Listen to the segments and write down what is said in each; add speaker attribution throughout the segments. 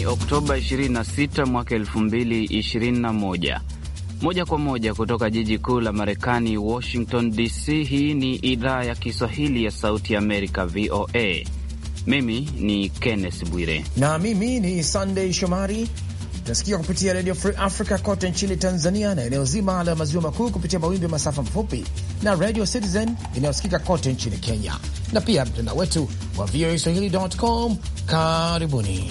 Speaker 1: ni Oktoba 26 mwaka 2021. Moja kwa moja kutoka jiji kuu la Marekani, Washington DC. Hii ni idhaa ya Kiswahili ya Sauti Amerika, VOA. Mimi ni Kenneth Bwire
Speaker 2: na mimi ni Sandey Shomari. Tunasikia kupitia Redio Free Africa kote nchini Tanzania na eneo zima la maziwa makuu kupitia mawimbi ya masafa mafupi na Radio Citizen inayosikika kote nchini Kenya na pia mtandao wetu wa swahili.com. Karibuni.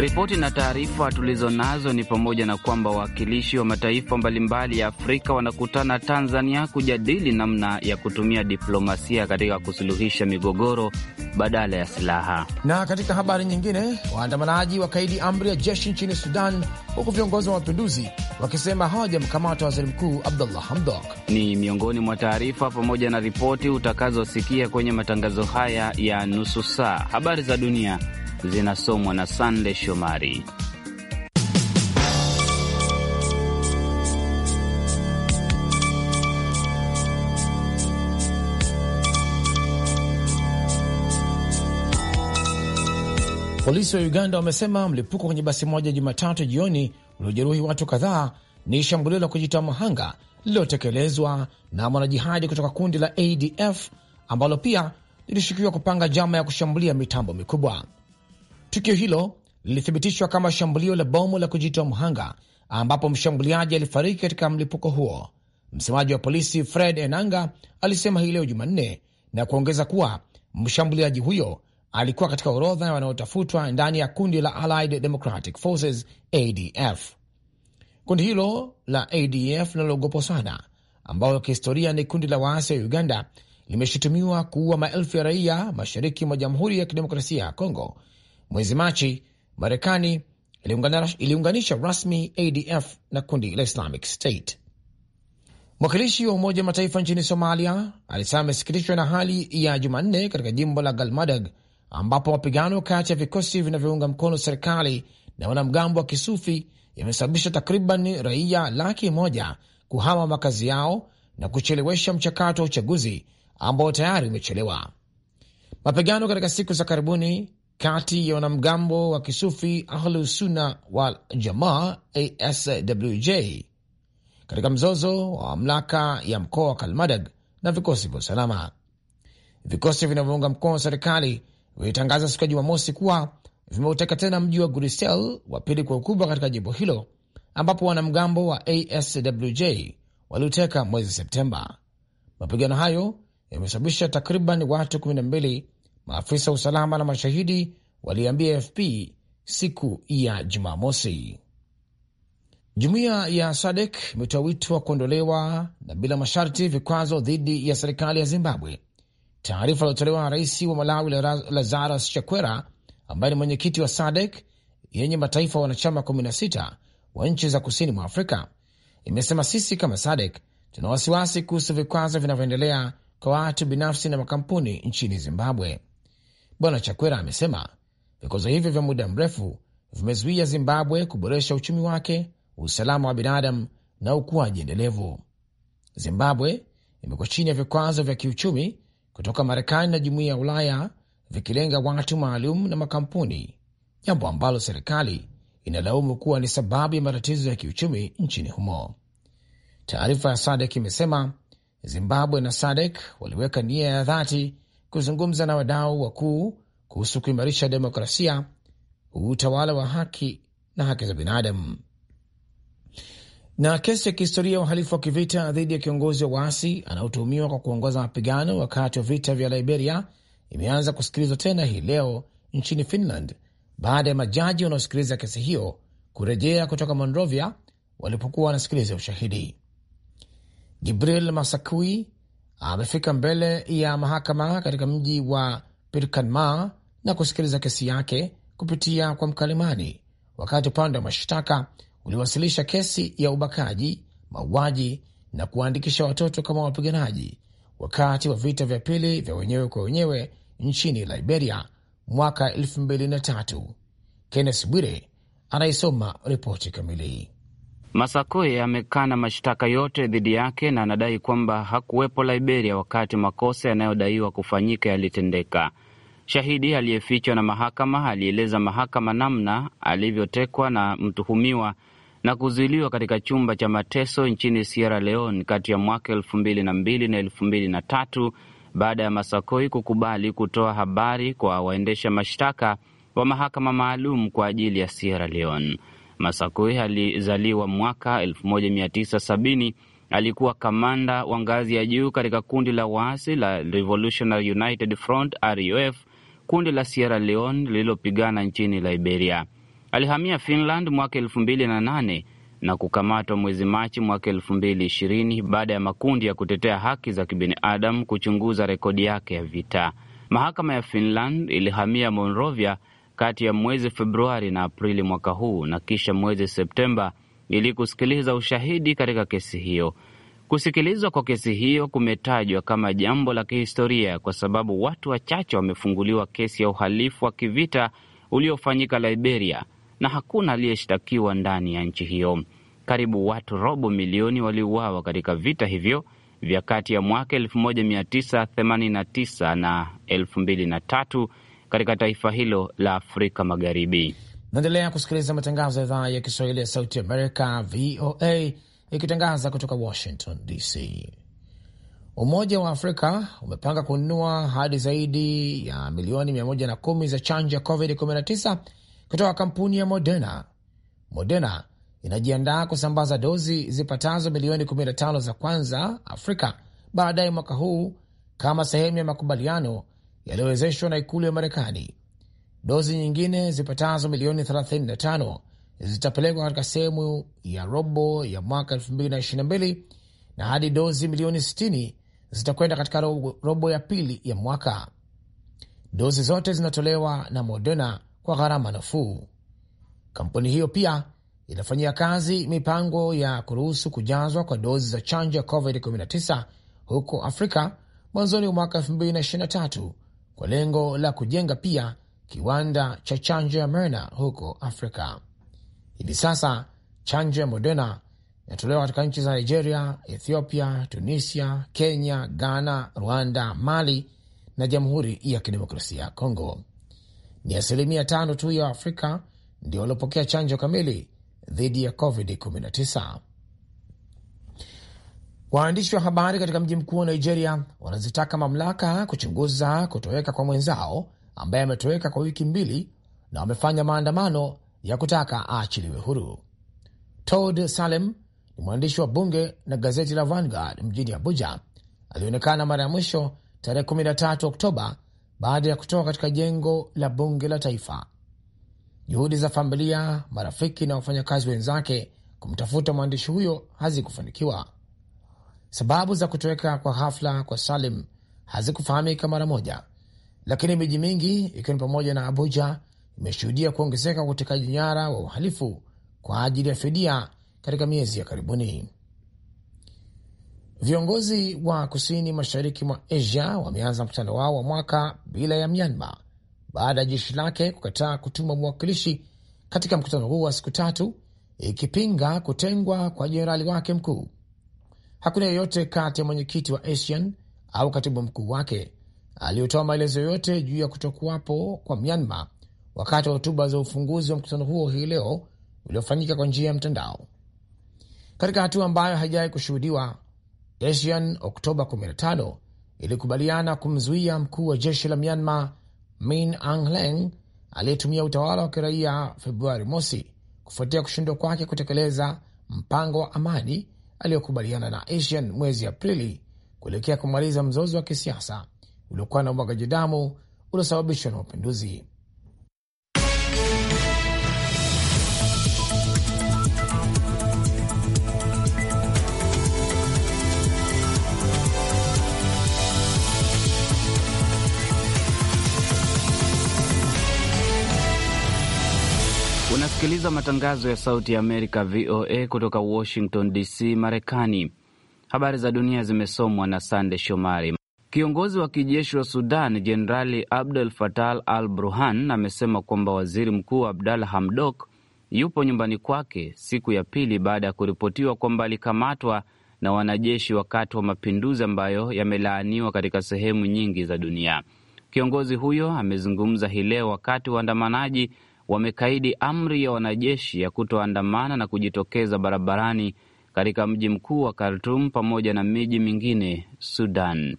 Speaker 1: Ripoti na taarifa tulizonazo ni pamoja na kwamba wawakilishi wa mataifa mbalimbali ya Afrika wanakutana Tanzania kujadili namna ya kutumia diplomasia katika kusuluhisha migogoro badala ya silaha.
Speaker 2: Na katika habari nyingine, waandamanaji wakaidi amri ya jeshi nchini Sudan, huku viongozi wa mapinduzi wakisema hawajamkamata waziri mkuu Abdullah Hamdok.
Speaker 1: Ni miongoni mwa taarifa pamoja na ripoti utakazosikia kwenye matangazo haya ya nusu saa. Habari za dunia zinasomwa na Sande Shomari.
Speaker 2: Polisi wa Uganda wamesema mlipuko kwenye basi moja Jumatatu jioni uliojeruhi watu kadhaa ni shambulio la kujitoa mhanga lililotekelezwa na mwanajihadi kutoka kundi la ADF ambalo pia lilishukiwa kupanga njama ya kushambulia mitambo mikubwa. Tukio hilo lilithibitishwa kama shambulio la bomu la kujitoa mhanga, ambapo mshambuliaji alifariki katika mlipuko huo. Msemaji wa polisi Fred Enanga alisema hii leo Jumanne na kuongeza kuwa mshambuliaji huyo alikuwa katika orodha ya wanaotafutwa ndani ya kundi la Allied Democratic Forces ADF. Kundi hilo la ADF linalogopwa sana, ambayo kihistoria ni kundi la waasi wa Uganda, limeshutumiwa kuua maelfu ya raia mashariki mwa Jamhuri ya Kidemokrasia ya Kongo Mwezi Machi, Marekani iliunganisha rasmi ADF na kundi la Islamic State. Mwakilishi wa Umoja Mataifa nchini Somalia alisema amesikitishwa na hali ya Jumanne katika jimbo la Galmadag ambapo mapigano kati ya vikosi vinavyounga mkono serikali na wanamgambo wa kisufi yamesababisha takriban raia laki moja kuhama makazi yao na kuchelewesha mchakato wa uchaguzi ambao tayari umechelewa. Mapigano katika siku za karibuni kati ya wanamgambo wa kisufi Ahlu Sunna wal Jamaa ASWJ katika mzozo wa mamlaka ya mkoa wa Kalmadag na vikosi vya usalama. Vikosi vinavyounga mkono serikali vilitangaza siku ya Jumamosi kuwa vimeuteka tena mji wa Gurisel, wa pili kwa ukubwa katika jimbo hilo, ambapo wanamgambo wa ASWJ waliuteka mwezi Septemba. Mapigano hayo yamesababisha takriban watu 12 maafisa wa usalama na mashahidi waliambia AFP siku ya Jumamosi. Jumuiya ya SADEK imetoa wito wa kuondolewa na bila masharti vikwazo dhidi ya serikali ya Zimbabwe. Taarifa iliyotolewa na rais wa Malawi Lazarus Chakwera, ambaye ni mwenyekiti wa SADEK yenye mataifa wa wanachama 16 wa nchi za kusini mwa Afrika, imesema sisi kama SADEK tuna wasiwasi kuhusu vikwazo vinavyoendelea kwa watu binafsi na makampuni nchini Zimbabwe. Bwana Chakwera amesema vikwazo hivyo vya muda mrefu vimezuia Zimbabwe kuboresha uchumi wake, usalama wa binadamu na ukuaji endelevu. Zimbabwe imekuwa chini ya vikwazo vya kiuchumi kutoka Marekani na Jumuiya ya Ulaya vikilenga watu maalum na makampuni, jambo ambalo serikali inalaumu kuwa ni sababu ya matatizo ya kiuchumi nchini humo. Taarifa ya SADEK imesema Zimbabwe na SADEK waliweka nia ya dhati kuzungumza na wadau wakuu kuhusu kuimarisha demokrasia, utawala wa haki na haki za binadamu. Na kesi ya kihistoria ya uhalifu wa kivita dhidi ya kiongozi wa waasi anaotuhumiwa kwa kuongoza mapigano wakati wa vita vya Liberia imeanza kusikilizwa tena hii leo nchini Finland baada ya majaji wanaosikiliza kesi hiyo kurejea kutoka Monrovia walipokuwa wanasikiliza ushahidi. Jibril Masakui amefika mbele ya mahakama katika mji wa Pirkanma na kusikiliza kesi yake kupitia kwa mkalimani, wakati upande wa mashtaka uliwasilisha kesi ya ubakaji, mauaji na kuwaandikisha watoto kama wapiganaji wakati wa vita vya pili vya wenyewe kwa wenyewe nchini Liberia mwaka 2003. Kenneth Bwire anaisoma ripoti kamili.
Speaker 1: Masakoi amekana mashtaka yote dhidi yake na anadai kwamba hakuwepo Liberia wakati makosa yanayodaiwa kufanyika yalitendeka. Shahidi aliyefichwa na mahakama alieleza mahakama namna alivyotekwa na mtuhumiwa na kuzuiliwa katika chumba cha mateso nchini Sierra Leone kati ya mwaka elfu mbili na mbili na elfu mbili na tatu baada ya Masakoi kukubali kutoa habari kwa waendesha mashtaka wa mahakama maalum kwa ajili ya Sierra Leone masakui alizaliwa mwaka 1970. Alikuwa kamanda wa ngazi ya juu katika kundi la waasi la Revolutionary United Front RUF, kundi la Sierra Leone lililopigana nchini Liberia. Alihamia Finland mwaka elfu mbili na nane na kukamatwa mwezi Machi mwaka elfu mbili ishirini baada ya makundi ya kutetea haki za kibinadamu kuchunguza rekodi yake ya vita. Mahakama ya Finland ilihamia Monrovia kati ya mwezi Februari na Aprili mwaka huu na kisha mwezi Septemba ili kusikiliza ushahidi katika kesi hiyo. Kusikilizwa kwa kesi hiyo kumetajwa kama jambo la kihistoria kwa sababu watu wachache wamefunguliwa kesi ya uhalifu wa kivita uliofanyika Liberia na hakuna aliyeshtakiwa ndani ya nchi hiyo. Karibu watu robo milioni waliuawa katika vita hivyo vya kati ya mwaka 1989 na 2003 katika taifa hilo la Afrika Magharibi.
Speaker 2: Naendelea kusikiliza matangazo ya idhaa ya Kiswahili ya Sauti Amerika, VOA, ikitangaza kutoka Washington DC. Umoja wa Afrika umepanga kununua hadi zaidi ya milioni 110 za chanjo ya COVID-19 kutoka kampuni ya Moderna. Moderna inajiandaa kusambaza dozi zipatazo milioni 15 za kwanza Afrika baadaye mwaka huu kama sehemu ya makubaliano yaliyowezeshwa na ikulu ya Marekani. Dozi nyingine zipatazo milioni 35 zitapelekwa katika sehemu ya robo ya mwaka 2022 na hadi dozi milioni 60 zitakwenda katika robo ya pili ya mwaka. Dozi zote zinatolewa na Moderna kwa gharama nafuu. Kampuni hiyo pia inafanyia kazi mipango ya kuruhusu kujazwa kwa dozi za chanjo ya COVID-19 huko Afrika mwanzoni mwa mwaka 2023 kwa lengo la kujenga pia kiwanda cha chanjo ya Merna huko Afrika. Hivi sasa chanjo ya Moderna inatolewa katika nchi za Nigeria, Ethiopia, Tunisia, Kenya, Ghana, Rwanda, Mali na Jamhuri ya Kidemokrasia ya Kongo. Ni asilimia tano tu ya Afrika ndio waliopokea chanjo kamili dhidi ya COVID-19. Waandishi wa habari katika mji mkuu wa Nigeria wanazitaka mamlaka kuchunguza kutoweka kwa mwenzao ambaye ametoweka kwa wiki mbili na wamefanya maandamano ya kutaka aachiliwe huru. Todd Salem ni mwandishi wa bunge na gazeti la Vanguard mjini Abuja. Alionekana mara ya mwisho tarehe 13 Oktoba baada ya kutoka katika jengo la bunge la taifa. Juhudi za familia, marafiki na wafanyakazi wenzake kumtafuta mwandishi huyo hazikufanikiwa. Sababu za kutoweka kwa ghafla kwa Salim hazikufahamika mara moja, lakini miji mingi ikiwa ni pamoja na Abuja imeshuhudia kuongezeka kwa utekaji nyara wa uhalifu kwa ajili ya fidia katika miezi ya karibuni. Viongozi wa kusini mashariki mwa Asia wameanza mkutano wao wa mwaka bila ya Myanmar baada ya jeshi lake kukataa kutuma mwakilishi katika mkutano huu wa siku tatu, ikipinga kutengwa kwa jenerali wake mkuu Hakuna yeyote kati ya mwenyekiti wa ASEAN au katibu mkuu wake aliyotoa maelezo yote juu ya kutokuwapo kwa Myanmar wakati wa hotuba za ufunguzi wa mkutano huo hii leo uliofanyika kwa njia ya mtandao, katika hatua ambayo haijawahi kushuhudiwa. ASEAN Oktoba 15 ilikubaliana kumzuia mkuu wa jeshi la Myanmar Min Aung Hlaing aliyetumia utawala wa kiraia Februari mosi kufuatia kushindwa kwake kutekeleza mpango wa amani aliyokubaliana na asian mwezi Aprili kuelekea kumaliza mzozo wa kisiasa uliokuwa na umwagaji damu uliosababishwa na mapinduzi.
Speaker 1: unasikiliza matangazo ya Sauti ya Amerika, VOA, kutoka Washington DC, Marekani. Habari za dunia zimesomwa na Sande Shomari. Kiongozi wa kijeshi wa Sudan Jenerali Abdel fatal al Burhan amesema kwamba waziri mkuu Abdalla Hamdok yupo nyumbani kwake siku ya pili baada ya kuripotiwa kwamba alikamatwa na wanajeshi wakati wa mapinduzi ambayo yamelaaniwa katika sehemu nyingi za dunia. Kiongozi huyo amezungumza hii leo wakati waandamanaji wamekaidi amri ya wanajeshi ya kutoandamana na kujitokeza barabarani katika mji mkuu wa Khartum pamoja na miji mingine Sudan.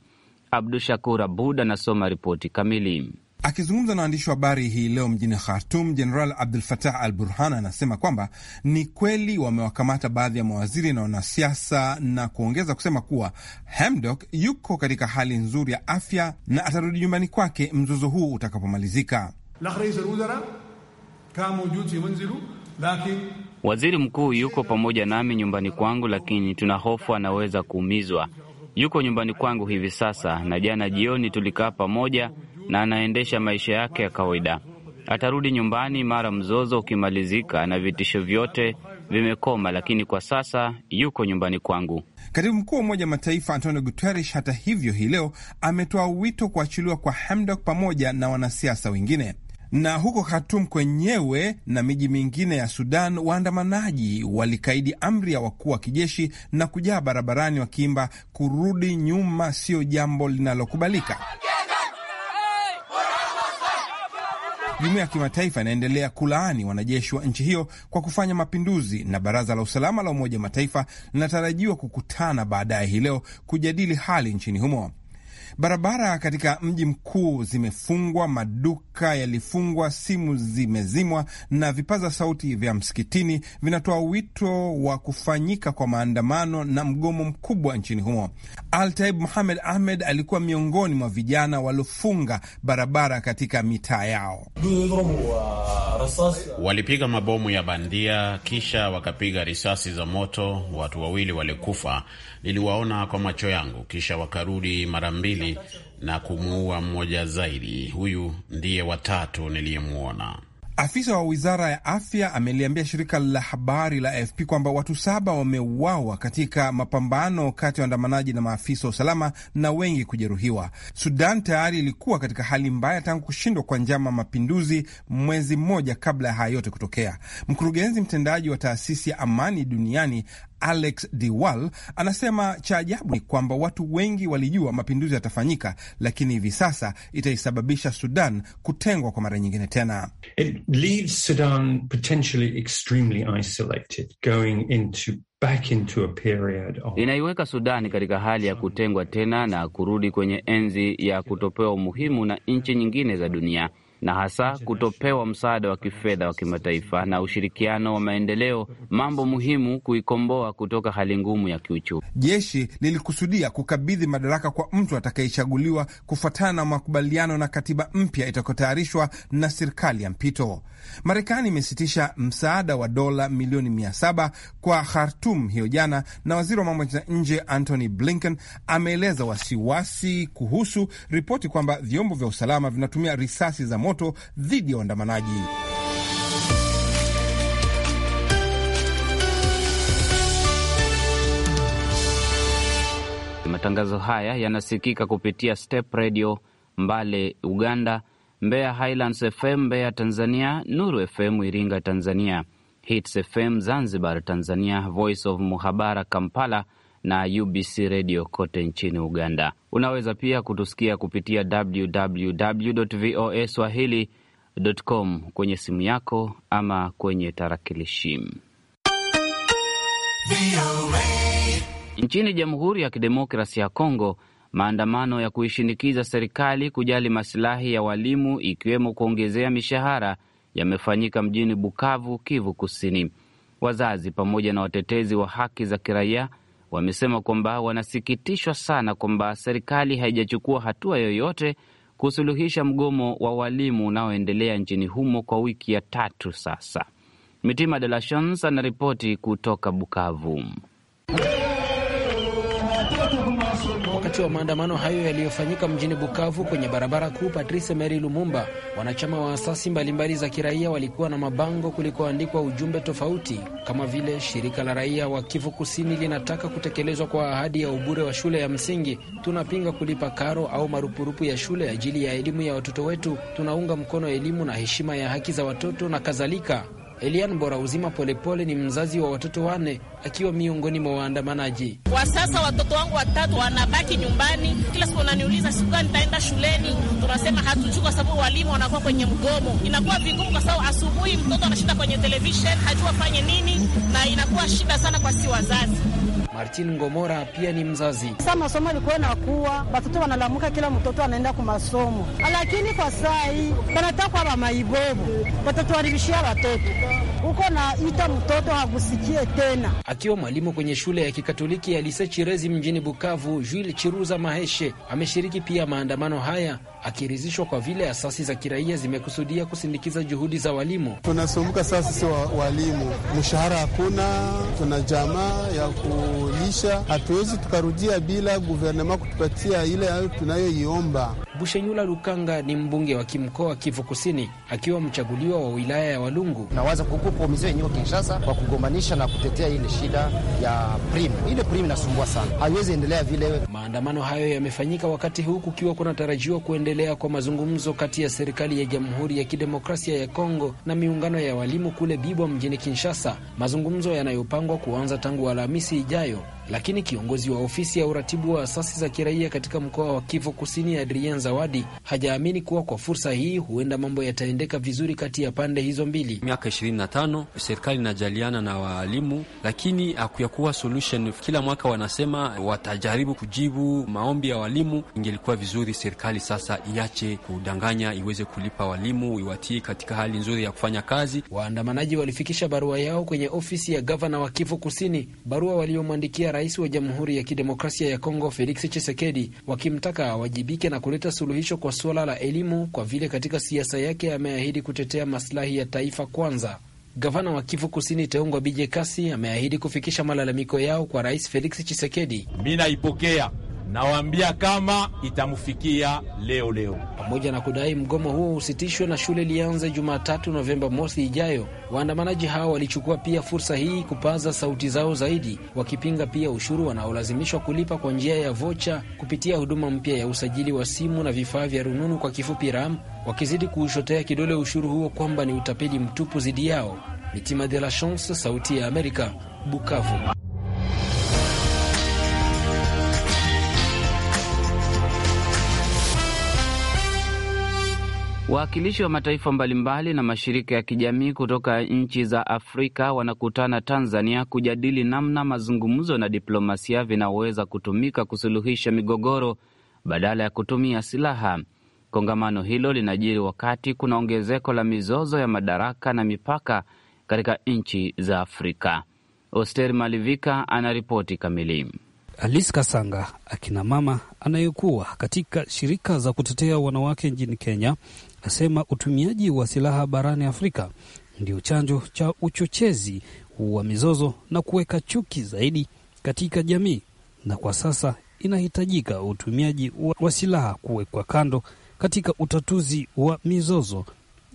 Speaker 1: Abdu Shakur Abud anasoma ripoti kamili.
Speaker 3: Akizungumza na waandishi wa habari hii leo mjini Khartum, Jeneral Abdul Fatah Al Burhan anasema kwamba ni kweli wamewakamata baadhi ya mawaziri na wanasiasa, na kuongeza kusema kuwa Hamdok yuko katika hali nzuri ya afya na atarudi nyumbani kwake mzozo huu utakapomalizika.
Speaker 1: Waziri mkuu yuko pamoja nami nyumbani kwangu, lakini tuna hofu anaweza kuumizwa. Yuko nyumbani kwangu hivi sasa, na jana jioni tulikaa pamoja na anaendesha maisha yake ya kawaida. Atarudi nyumbani mara mzozo ukimalizika na vitisho vyote vimekoma, lakini kwa sasa yuko nyumbani kwangu.
Speaker 3: Katibu mkuu wa Umoja Mataifa Antonio Guterres, hata hivyo, hii leo ametoa wito kuachiliwa kwa Hamdok pamoja na wanasiasa wengine. Na huko Khartoum kwenyewe na miji mingine ya Sudan, waandamanaji walikaidi amri ya wakuu wa kijeshi na kujaa barabarani wakiimba, kurudi nyuma sio jambo linalokubalika. Jumuiya ya kimataifa inaendelea kulaani wanajeshi wa nchi hiyo kwa kufanya mapinduzi, na baraza la usalama la Umoja wa Mataifa linatarajiwa kukutana baadaye hii leo kujadili hali nchini humo. Barabara katika mji mkuu zimefungwa, maduka yalifungwa, simu zimezimwa na vipaza sauti vya msikitini vinatoa wito wa kufanyika kwa maandamano na mgomo mkubwa nchini humo. Altaib Muhamed Ahmed alikuwa miongoni mwa vijana waliofunga barabara katika mitaa yao.
Speaker 1: Walipiga mabomu ya bandia, kisha wakapiga risasi za moto. Watu wawili walikufa, niliwaona kwa macho yangu, kisha wakarudi mara mbili wawili na kumuua mmoja zaidi. Huyu ndiye watatu niliyemwona.
Speaker 3: Afisa wa wizara ya afya ameliambia shirika la habari la AFP kwamba watu saba wameuawa katika mapambano kati ya waandamanaji na maafisa wa usalama na wengi kujeruhiwa. Sudan tayari ilikuwa katika hali mbaya tangu kushindwa kwa njama mapinduzi mwezi mmoja kabla ya haya yote kutokea. Mkurugenzi mtendaji wa taasisi ya amani duniani Alex Diwal anasema cha ajabu ni kwamba watu wengi walijua mapinduzi yatafanyika, lakini hivi sasa itaisababisha Sudan kutengwa kwa mara nyingine tena. It leaves Sudan potentially extremely isolated going into Back into a period of...
Speaker 1: inaiweka Sudani katika hali ya kutengwa tena na kurudi kwenye enzi ya kutopewa umuhimu na nchi nyingine za dunia na hasa kutopewa msaada wa kifedha wa kimataifa na ushirikiano wa maendeleo, mambo muhimu kuikomboa kutoka hali ngumu ya kiuchumi.
Speaker 3: Jeshi lilikusudia kukabidhi madaraka kwa mtu atakayechaguliwa kufuatana na makubaliano na katiba mpya itakayotayarishwa na serikali ya mpito. Marekani imesitisha msaada wa dola milioni mia saba kwa Khartum hiyo jana, na waziri wa mambo ya nje Antony Blinken ameeleza wasiwasi kuhusu ripoti kwamba vyombo vya usalama vinatumia risasi za moto moto dhidi ya waandamanaji.
Speaker 1: Matangazo haya yanasikika kupitia Step Radio Mbale Uganda, Mbeya Highlands FM Mbeya Tanzania, Nuru FM Iringa Tanzania, Hits FM Zanzibar Tanzania, Voice of Muhabara Kampala na UBC redio kote nchini Uganda. Unaweza pia kutusikia kupitia www voa swahili.com kwenye simu yako ama kwenye tarakilishi. Nchini Jamhuri ya Kidemokrasi ya Kongo, maandamano ya kuishinikiza serikali kujali masilahi ya walimu ikiwemo kuongezea mishahara yamefanyika mjini Bukavu, Kivu Kusini. Wazazi pamoja na watetezi wa haki za kiraia wamesema kwamba wanasikitishwa sana kwamba serikali haijachukua hatua yoyote kusuluhisha mgomo wa walimu unaoendelea nchini humo kwa wiki ya tatu sasa. Mitima de la Shans anaripoti kutoka Bukavu.
Speaker 4: Wakati wa maandamano hayo yaliyofanyika mjini Bukavu kwenye barabara kuu Patrice mery Lumumba, wanachama wa asasi mbalimbali za kiraia walikuwa na mabango kulikoandikwa ujumbe tofauti kama vile shirika la raia wa Kivu Kusini linataka kutekelezwa kwa ahadi ya ubure wa shule ya msingi, tunapinga kulipa karo au marupurupu ya shule ajili ya elimu ya watoto wetu, tunaunga mkono elimu na heshima ya haki za watoto na kadhalika. Elian Bora Uzima Polepole ni mzazi wa watoto wanne akiwa miongoni mwa waandamanaji.
Speaker 5: Kwa sasa watoto wangu watatu wanabaki nyumbani, kila siku wananiuliza siku gani nitaenda shuleni. Tunasema hatujui kwa sababu walimu wanakuwa kwenye mgomo. Inakuwa vigumu kwa sababu asubuhi mtoto anashinda kwenye televisheni, hajua fanye nini, na inakuwa shida sana kwa si wazazi.
Speaker 4: Martin Ngomora pia ni mzazi.
Speaker 5: Sasa masomo alikuwa nakuwa watoto wanalamuka, kila mtoto anaenda kwa masomo, lakini kwa sai wanataka wamaibovu watoto waribishia watoto huko na ita mtoto hakusikie tena. Akiwa mwalimu
Speaker 4: kwenye shule ya kikatoliki ya Lise Chirezi mjini Bukavu, Jules Chiruza Maheshe ameshiriki pia maandamano haya akiridhishwa kwa vile asasi za kiraia zimekusudia kusindikiza juhudi za walimu.
Speaker 1: Tunasumbuka sasa sisi walimu mshahara hakuna, tuna jamaa
Speaker 4: ya ku kuisha. Hatuwezi tukarudia bila guvernema kutupatia ile tunayoiomba. Bushenyula Lukanga ni mbunge wa kimkoa Kivu Kusini, akiwa mchaguliwa wa wilaya ya Walungu. Nawaza kukupa umizo yenyewe Kinshasa kwa kugombanisha na kutetea ile shida ya prim. Ile prim inasumbua sana, haiwezi endelea vile. Maandamano hayo yamefanyika wakati huu kukiwa kunatarajiwa kuendelea kwa mazungumzo kati ya serikali ya Jamhuri ya Kidemokrasia ya Kongo na miungano ya walimu kule Bibwa mjini Kinshasa, mazungumzo yanayopangwa kuanza tangu Alhamisi ijayo. Lakini kiongozi wa ofisi ya uratibu wa asasi za kiraia katika mkoa wa Kivu Kusini, Adrien Zawadi, hajaamini kuwa kwa fursa hii huenda mambo yataendeka vizuri kati ya pande hizo mbili. Miaka 25 serikali inajaliana na waalimu, lakini hakuyakuwa solution. Kila mwaka wanasema watajaribu kujibu maombi ya walimu. Ingelikuwa vizuri serikali sasa iache kudanganya, iweze kulipa walimu, iwatii katika hali nzuri ya kufanya kazi. Waandamanaji walifikisha barua yao kwenye ofisi ya gavana wa Kivu Kusini, barua waliomwandikia rais wa Jamhuri ya Kidemokrasia ya Kongo Felix Tshisekedi wakimtaka awajibike na kuleta suluhisho kwa suala la elimu, kwa vile katika siasa yake ameahidi kutetea masilahi ya taifa kwanza. Gavana wa Kivu Kusini Teungwa Bije Kasi ameahidi kufikisha malalamiko yao kwa Rais Felix Tshisekedi. Mi naipokea nawaambia kama itamfikia leo leo. Pamoja na kudai mgomo huo usitishwe na shule ilianze Jumatatu Novemba mosi ijayo, waandamanaji hao walichukua pia fursa hii kupaza sauti zao zaidi, wakipinga pia ushuru wanaolazimishwa kulipa kwa njia ya vocha kupitia huduma mpya ya usajili wa simu na vifaa vya rununu, kwa kifupi RAM, wakizidi kuushotea kidole ushuru huo kwamba ni utapeli mtupu dhidi yao. Mitima de la Chance, Sauti ya Amerika, Bukavu.
Speaker 1: Wawakilishi wa mataifa mbalimbali na mashirika ya kijamii kutoka nchi za Afrika wanakutana Tanzania kujadili namna mazungumzo na diplomasia vinaweza kutumika kusuluhisha migogoro badala ya kutumia silaha. Kongamano hilo linajiri wakati kuna ongezeko la mizozo ya madaraka na mipaka katika nchi za Afrika. Oster Malivika anaripoti kamili.
Speaker 6: Alice Kasanga, akina mama anayekuwa katika shirika za kutetea wanawake nchini Kenya, nasema utumiaji wa silaha barani Afrika ndio chanzo cha uchochezi wa mizozo na kuweka chuki zaidi katika jamii, na kwa sasa inahitajika utumiaji wa silaha kuwekwa kando katika utatuzi wa mizozo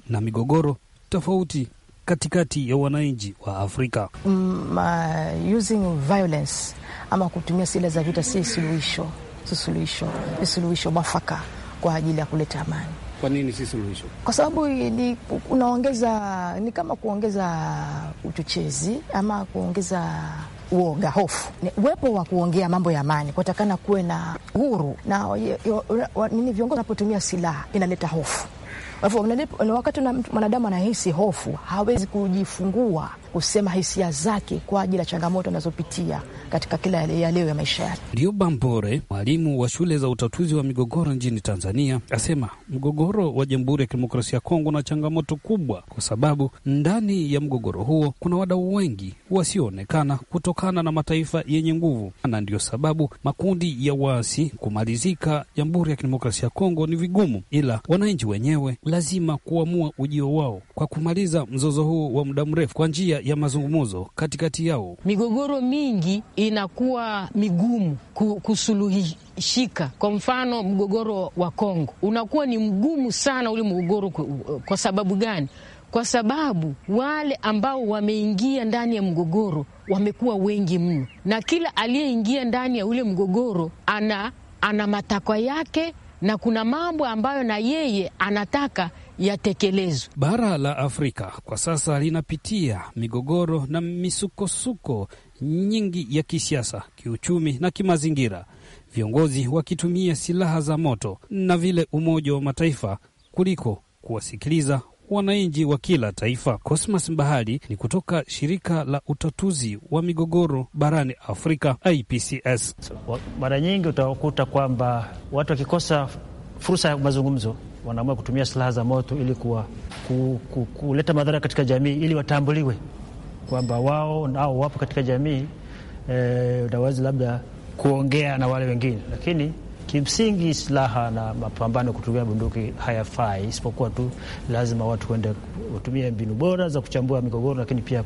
Speaker 6: na migogoro tofauti katikati ya wananchi wa Afrika.
Speaker 7: Mm, uh, using violence ama kutumia silaha za vita si suluhisho, si suluhisho, si suluhisho mwafaka kwa ajili ya kuleta amani.
Speaker 6: Kwa nini si suluhisho?
Speaker 7: Kwa sababu ni unaongeza, ni kama kuongeza uchochezi ama kuongeza uoga, hofu. Uwepo wa kuongea mambo ya amani, kuatakana kuwe na huru na nini. Viongozi wanapotumia silaha inaleta hofu, wakati mwanadamu anahisi hofu hawezi kujifungua kusema hisia zake kwa ajili ya changamoto anazopitia katika kila ya leo ya maisha yake.
Speaker 6: Liuba Mbore, mwalimu wa shule za utatuzi wa migogoro nchini Tanzania, asema mgogoro wa Jamhuri ya Kidemokrasia ya Kongo una changamoto kubwa, kwa sababu ndani ya mgogoro huo kuna wadau wengi wasioonekana kutokana na mataifa yenye nguvu, na ndiyo sababu makundi ya waasi kumalizika Jamhuri ya Kidemokrasia ya Kongo ni vigumu, ila wananchi wenyewe lazima kuamua ujio wao kwa kumaliza mzozo huu wa muda mrefu kwa njia ya mazungumzo katikati yao.
Speaker 7: Migogoro mingi inakuwa migumu kusuluhishika. Kwa mfano, mgogoro wa Kongo unakuwa ni mgumu sana ule mgogoro. Kwa sababu gani? Kwa sababu wale ambao wameingia ndani ya mgogoro wamekuwa wengi mno, na kila aliyeingia ndani ya ule mgogoro ana, ana matakwa yake na kuna mambo ambayo na yeye anataka yatekelezwe.
Speaker 6: Bara la Afrika kwa sasa linapitia migogoro na misukosuko nyingi ya kisiasa, kiuchumi na kimazingira, viongozi wakitumia silaha za moto na vile Umoja wa Mataifa kuliko kuwasikiliza wananchi wa kila taifa. Cosmas mbahali ni kutoka shirika la utatuzi wa migogoro barani
Speaker 4: Afrika, IPCS. Mara nyingi utakuta kwamba watu wakikosa fursa ya mazungumzo wanaamua kutumia silaha za moto ili kuwa, ku, ku, kuleta madhara katika jamii ili watambuliwe kwamba wao nao wapo katika jamii eh, na labda kuongea na wale wengine lakini Kimsingi silaha na mapambano ya kutumia bunduki hayafai, isipokuwa tu lazima watu wende kutumia mbinu bora za kuchambua migogoro, lakini pia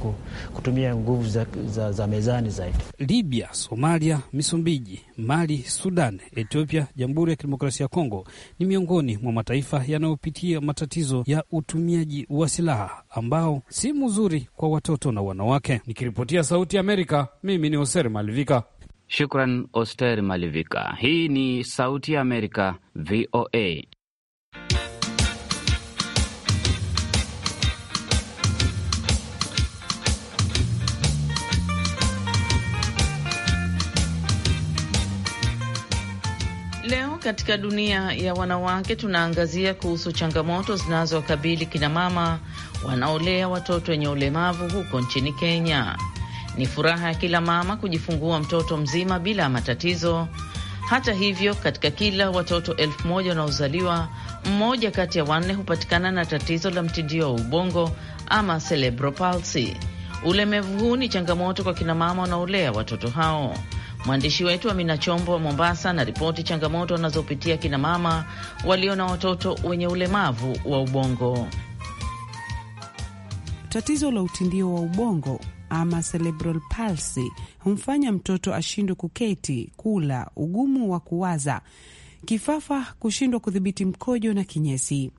Speaker 4: kutumia nguvu za, za, za mezani zaidi.
Speaker 6: Libya, Somalia, misumbiji Mali, Sudan, Ethiopia, Jamhuri ya Kidemokrasia ya Kongo ni miongoni mwa mataifa yanayopitia matatizo ya utumiaji wa silaha ambao si mzuri kwa watoto na wanawake. Nikiripotia
Speaker 1: Sauti ya Amerika, mimi ni Hoser Malivika. Shukran Oster Malivika. Hii ni Sauti ya Amerika, VOA.
Speaker 5: Leo katika dunia
Speaker 7: ya wanawake tunaangazia kuhusu changamoto zinazowakabili kinamama wanaolea watoto wenye ulemavu huko nchini Kenya. Ni furaha ya kila mama kujifungua mtoto mzima bila matatizo. Hata hivyo, katika kila watoto elfu moja wanaozaliwa, mmoja kati ya wanne hupatikana na tatizo la mtindio wa ubongo ama cerebral palsy. ulemevu huu ni changamoto kwa kinamama wanaolea watoto hao. Mwandishi wetu Amina Chombo wa Mombasa anaripoti changamoto wanazopitia kinamama walio na watoto wenye ulemavu wa ubongo.
Speaker 8: Tatizo la utindio wa ubongo ama cerebral palsy humfanya mtoto ashindwe kuketi, kula, ugumu wa kuwaza, kifafa, kushindwa kudhibiti mkojo na kinyesi.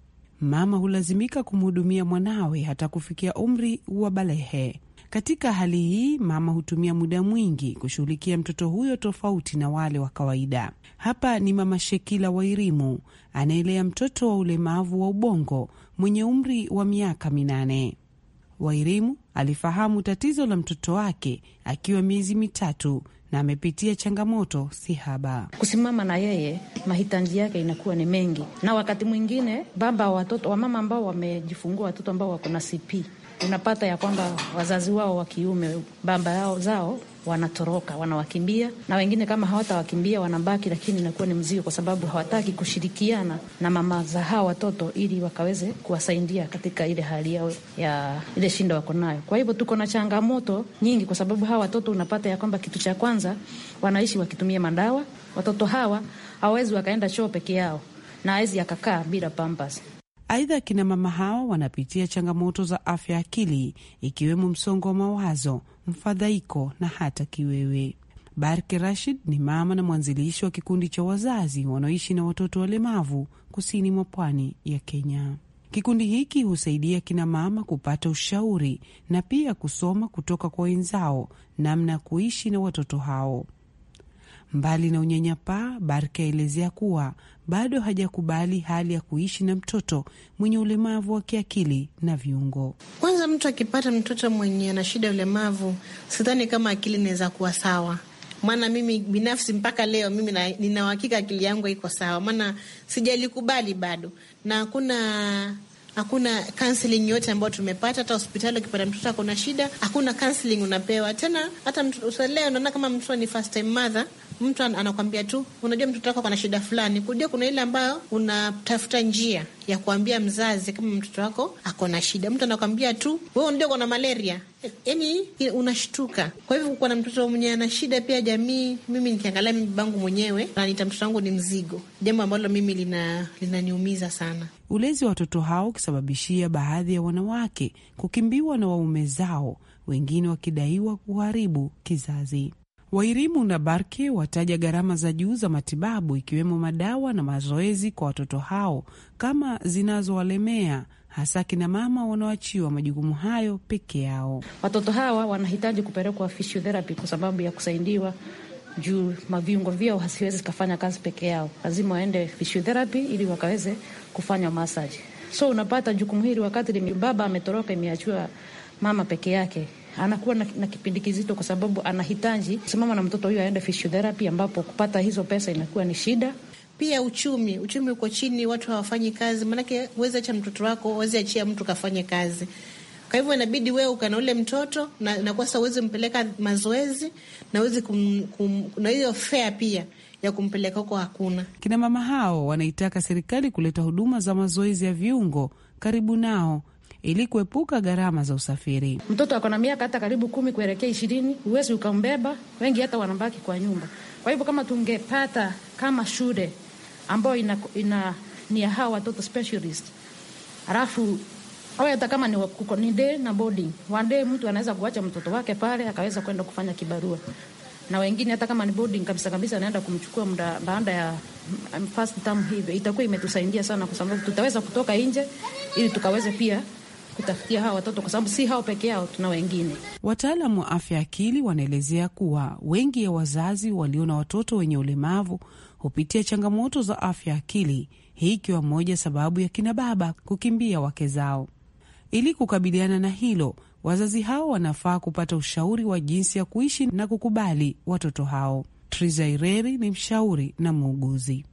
Speaker 8: Mama hulazimika kumhudumia mwanawe hata kufikia umri wa balehe. Katika hali hii, mama hutumia muda mwingi kushughulikia mtoto huyo, tofauti na wale wa kawaida. Hapa ni Mama Shekila Wairimu anaelea mtoto wa ulemavu wa ubongo mwenye umri wa miaka minane. Wairimu alifahamu tatizo la mtoto wake akiwa miezi mitatu na amepitia changamoto si haba.
Speaker 7: Kusimama na yeye, mahitaji yake inakuwa ni mengi, na wakati mwingine baba watoto wa mama ambao wamejifungua watoto ambao wako na CP unapata ya kwamba wazazi wao wa kiume baba yao zao wanatoroka, wanawakimbia, na wengine kama hawatawakimbia wanabaki, lakini inakuwa ni mzigo, kwa sababu hawataki kushirikiana na mama za hawa watoto ili wakaweze kuwasaidia katika ile hali yao ya ile shinda wako nayo. Kwa hivyo tuko na changamoto nyingi, kwa sababu hawa watoto unapata ya kwamba kitu cha kwanza wanaishi wakitumia madawa. Watoto hawa hawawezi wakaenda choo peke yao na awezi akakaa bila pampas.
Speaker 8: Aidha, akina mama hawa wanapitia changamoto za afya akili, ikiwemo msongo wa mawazo, mfadhaiko na hata kiwewe. Barke Rashid ni mama na mwanzilishi wa kikundi cha wazazi wanaoishi na watoto walemavu kusini mwa pwani ya Kenya. Kikundi hiki husaidia kina mama kupata ushauri na pia kusoma kutoka kwa wenzao namna ya kuishi na watoto hao. Mbali na unyanyapaa, Barke aelezea kuwa bado hajakubali hali ya kuishi na mtoto mwenye ulemavu wa kiakili na viungo.
Speaker 5: Kwanza, mtu akipata mtoto mwenye ana shida ya ulemavu, sidhani kama akili inaweza kuwa sawa maana mimi binafsi mpaka leo mimi nina uhakika akili yangu iko sawa, maana sijalikubali bado, na hakuna hakuna counseling yote ambayo tumepata. Hata hospitali ukipata mtoto ako na shida, hakuna counseling unapewa tena. Hata mtoto leo naona kama mtoto ni first time mother mtu anakwambia tu, unajua mtoto wako ana shida fulani. Kujua kuna ile ambayo unatafuta njia ya kuambia mzazi kama mtoto wako ako na shida. Mtu anakwambia tu, we unajua kona malaria, yani unashtuka. Kwa hivyo na mtoto mwenye ana shida pia jamii. Mimi nikiangalia mimi babangu mwenyewe ananiita mtoto wangu ni mzigo, jambo ambalo mimi lina linaniumiza sana.
Speaker 8: Ulezi wa watoto hao ukisababishia baadhi ya wanawake kukimbiwa na waume zao, wengine wakidaiwa kuharibu kizazi. Wairimu na Barke wataja gharama za juu za matibabu ikiwemo madawa na mazoezi kwa watoto hao kama zinazowalemea hasa kina mama wanaoachiwa majukumu hayo peke yao.
Speaker 7: Watoto hawa wanahitaji kupelekwa physiotherapy kwa sababu ya kusaidiwa juu maviungo vyao hasiwezi zikafanya kazi peke yao, lazima waende physiotherapy ili wakaweze kufanya masaji. So unapata jukumu hili wakati baba ametoroka, imeachiwa mama peke yake anakuwa na, na kipindi kizito, kwa sababu anahitaji simama
Speaker 5: na mtoto huyo aende physiotherapy, ambapo kupata hizo pesa inakuwa ni shida. Pia uchumi uchumi uko chini, watu hawafanyi kazi, maanake huwezi acha mtoto wako, huwezi achia mtu kafanye kazi. Kwa hivyo inabidi wewe ukana ule mtoto na, na kwa mpeleka mazoezi na huwezi kum, kum, na hiyo fea pia ya kumpeleka huko hakuna.
Speaker 8: Kina mama hao wanaitaka serikali kuleta huduma za mazoezi ya viungo karibu nao ili kuepuka gharama za usafiri.
Speaker 7: Mtoto ako na miaka hata karibu kumi kuelekea ishirini, huwezi ukambeba, wengi hata wanabaki kwa nyumba. Kwa hivyo kama tungepata kama shule ambayo ina, ina ni ya hawa watoto specialist, alafu au hata kama ni, ni day na boarding one day, mtu anaweza kuacha mtoto wake pale akaweza kwenda kufanya kibarua na wengine hata kama ni boarding kabisa kabisa, anaenda kumchukua muda baada ya mm, first term. Hivyo itakuwa imetusaidia sana, kwa sababu tutaweza kutoka nje ili tukaweze pia kutafutia hawa watoto, kwa sababu si hao peke yao, tuna wengine.
Speaker 8: Wataalamu wa afya akili wanaelezea kuwa wengi ya wazazi walio na watoto wenye ulemavu hupitia changamoto za afya akili, hii ikiwa moja sababu ya kina baba kukimbia wake zao. Ili kukabiliana na hilo, wazazi hao wanafaa kupata ushauri wa jinsi ya kuishi na kukubali watoto hao. Trizaireri ni mshauri na muuguzi.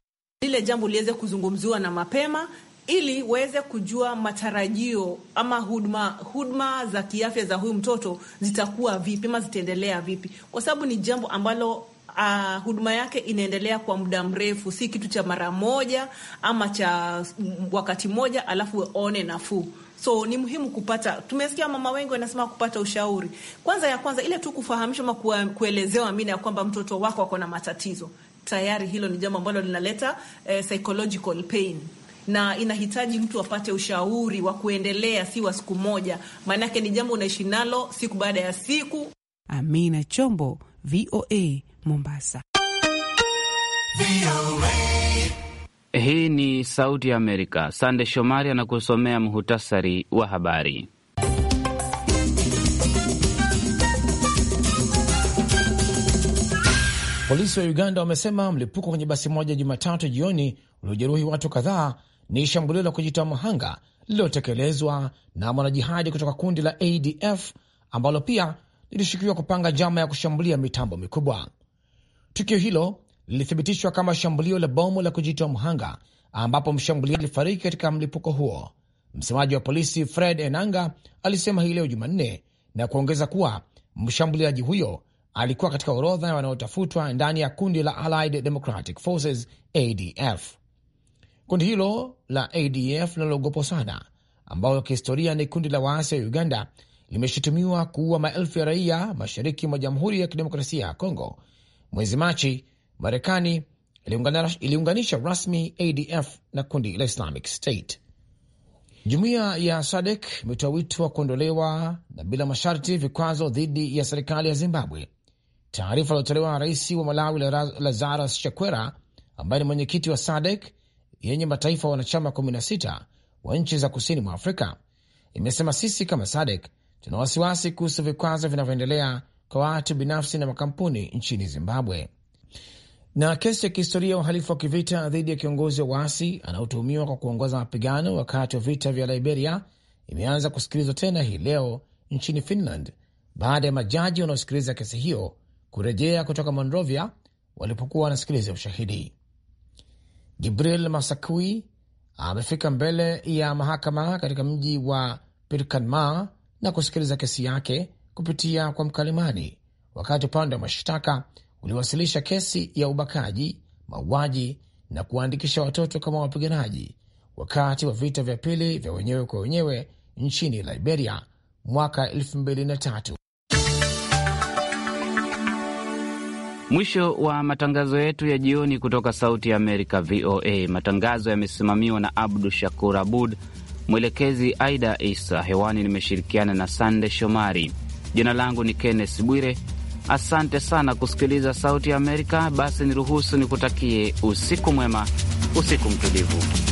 Speaker 5: Lile jambo liweze kuzungumziwa na mapema ili uweze kujua matarajio ama huduma huduma za kiafya za huyu mtoto zitakuwa vipi ama zitaendelea vipi, kwa sababu ni jambo ambalo Uh, huduma yake inaendelea kwa muda mrefu, si kitu cha mara moja ama cha wakati moja alafu one nafuu. So ni muhimu kupata, tumesikia mama wengi wanasema kupata ushauri kwanza. Ya kwanza ile tu kufahamishwa ama kuelezewa mina ya kwamba mtoto wako ako na matatizo tayari, hilo ni jambo ambalo linaleta eh, psychological pain na inahitaji mtu apate ushauri wa kuendelea, si wa siku moja, maanake ni jambo unaishi nalo siku baada ya siku.
Speaker 8: Amina Chombo, VOA Mombasa. Hii
Speaker 1: ni Sauti ya Amerika. Sande Shomari anakusomea muhutasari wa habari.
Speaker 2: Polisi wa Uganda wamesema mlipuko kwenye basi moja Jumatatu jioni uliojeruhi watu kadhaa ni shambulio la kujitoa mhanga lililotekelezwa na mwanajihadi kutoka kundi la ADF ambalo pia lilishukiwa kupanga njama ya kushambulia mitambo mikubwa. Tukio hilo lilithibitishwa kama shambulio la bomu la kujitoa mhanga, ambapo mshambuliaji alifariki katika mlipuko huo. Msemaji wa polisi Fred Enanga alisema hii leo Jumanne na kuongeza kuwa mshambuliaji huyo alikuwa katika orodha ya wanaotafutwa ndani ya kundi la Allied Democratic Forces ADF. Kundi hilo la ADF linaloogopwa sana, ambalo kihistoria ni kundi la waasi wa Uganda, limeshutumiwa kuua maelfu ya raia mashariki mwa Jamhuri ya Kidemokrasia ya Kongo. Mwezi Machi, Marekani iliunganisha rasmi ADF na kundi la Islamic State. Jumuiya ya SADEK imetoa wito wa kuondolewa na bila masharti vikwazo dhidi ya serikali ya Zimbabwe. Taarifa iliyotolewa na rais wa Malawi Lazarus Chakwera, ambaye ni mwenyekiti wa SADEK, yenye mataifa wa wanachama 16 wa nchi za kusini mwa Afrika imesema sisi kama SADC tuna wasiwasi kuhusu vikwazo vinavyoendelea kwa watu binafsi na makampuni nchini Zimbabwe. Na kesi ya kihistoria ya uhalifu wa kivita dhidi ya kiongozi wa waasi anaotuhumiwa kwa kuongoza mapigano wakati wa vita vya Liberia imeanza kusikilizwa tena hii leo nchini Finland baada ya majaji wanaosikiliza kesi hiyo kurejea kutoka Monrovia walipokuwa wanasikiliza ushahidi jibril Masakui amefika mbele ya mahakama katika mji wa Pirkanma na kusikiliza kesi yake kupitia kwa mkalimani, wakati upande wa mashtaka uliwasilisha kesi ya ubakaji, mauaji na kuwaandikisha watoto kama wapiganaji wakati wa vita vya pili vya wenyewe kwa wenyewe nchini Liberia mwaka 23
Speaker 1: Mwisho wa matangazo yetu ya jioni kutoka Sauti ya Amerika, VOA. Matangazo yamesimamiwa na Abdu Shakur Abud, mwelekezi Aida Isa. Hewani nimeshirikiana na Sande Shomari. Jina langu ni kennes Bwire. Asante sana kusikiliza Sauti ya Amerika. Basi niruhusu nikutakie usiku mwema, usiku mtulivu.